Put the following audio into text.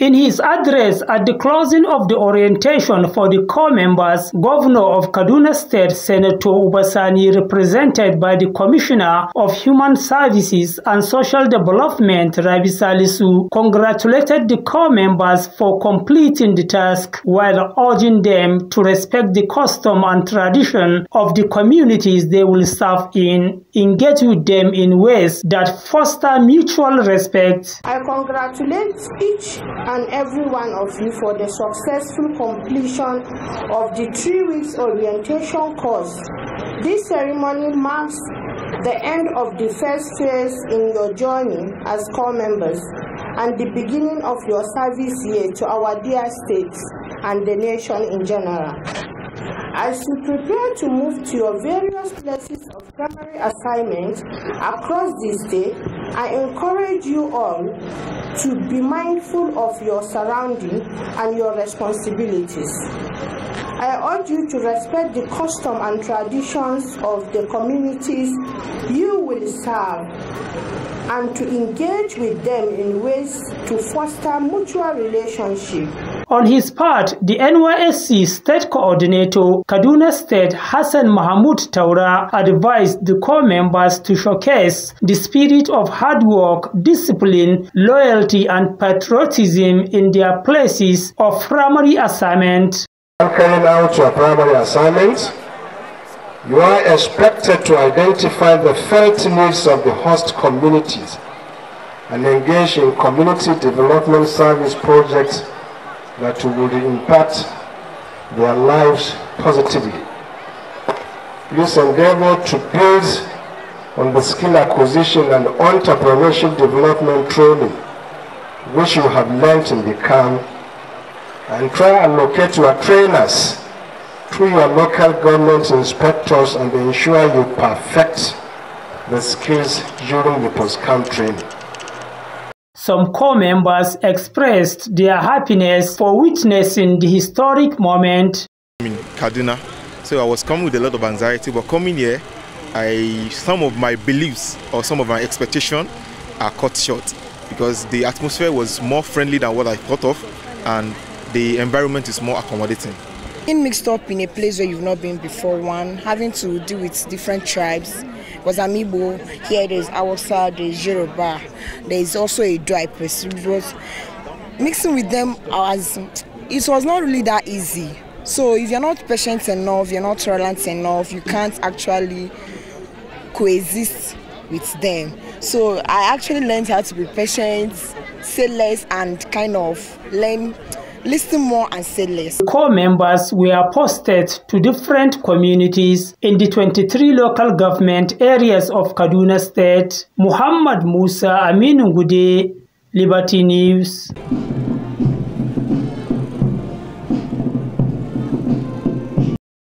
In his address at the closing of the orientation for the co members, Governor of Kaduna State Senator Ubasani, represented by the Commissioner of Human Services and Social Development, Rabi Salisu, congratulated the co members for completing the task while urging them to respect the custom and tradition of the communities they will serve in, engage with them in ways that foster mutual respect. I congratulate each and every one of you for the successful completion of the three weeks orientation course. This ceremony marks the end of the first phase in your journey as core members and the beginning of your service year to our dear states and the nation in general. As you prepare to move to your various places of primary assignment across the state, I encourage you all to be mindful of your surrounding and your responsibilities. I urge you to respect the custom and traditions of the communities you will serve and to engage with them in ways to foster mutual relationship on his part, the NYSC State Coordinator Kaduna State Hassan Mahmoud Taura advised the core members to showcase the spirit of hard work, discipline, loyalty, and patriotism in their places of primary assignment. Carrying out your primary assignment. you are expected to identify the felt needs of the host communities and engage in community development service projects that would impact their lives positively. This endeavor to build on the skill acquisition and entrepreneurship development training which you have learnt in the camp and try and locate your trainers through your local government inspectors and ensure you perfect the skills during the post-camp training. Some core members expressed their happiness for witnessing the historic moment. I'm in Kaduna, so I was coming with a lot of anxiety, but coming here, I some of my beliefs or some of my expectations are cut short because the atmosphere was more friendly than what I thought of, and the environment is more accommodating. Being mixed up in a place where you've not been before, one having to deal with different tribes, Because I'm Igbo, here there's Awasa, there's Yoruba, there's also a dry person. But mixing with them, I was, it was not really that easy. So if you're not patient enough, you're not tolerant enough, you can't actually coexist with them. So I actually learned how to be patient, say less, and kind of learn listen more and say less. Core members were posted to different communities in the 23 local government areas of Kaduna State. Muhammad Musa Aminu Gude, Liberty News.